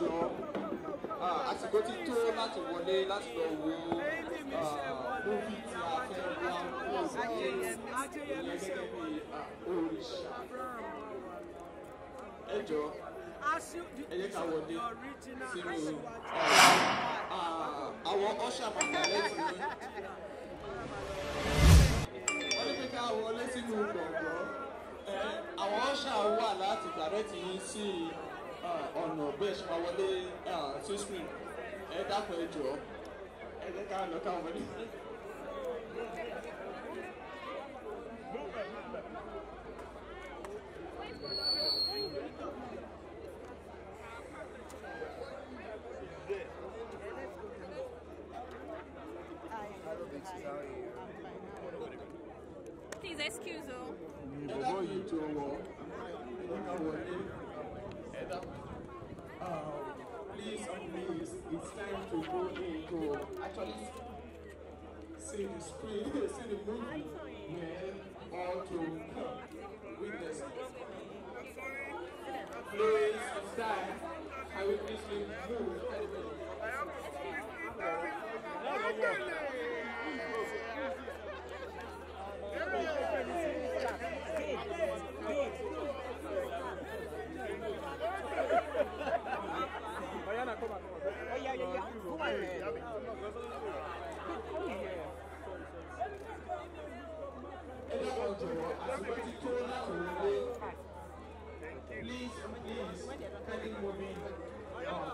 jọ ah, àsìkò ti tó láti wọlé láti lọ wo lórí ah, tí a fẹ́ wá kó o ní ìyẹn gẹ́gẹ́ bí òrìṣà ah, ẹ jọ ẹ jẹ́ ká wọlé sínú àwọn ọ̀ṣà bàbá lẹ́sìn ní wọ́n ní pé ká wọlé sínú gbọ̀ngàn àwọn ọ̀ṣà wà láti gbàrẹ́ tì í sí i. ọ̀rọ̀ bẹ́ẹ̀ ṣe máa wọlé sí screen Please excuse me. it's time to go into actually see the screen, see the movie, yeah, or to witness it. Please subscribe. I will please move. ẹ dábàá jọ̀wọ́ àti bó ti tó do it.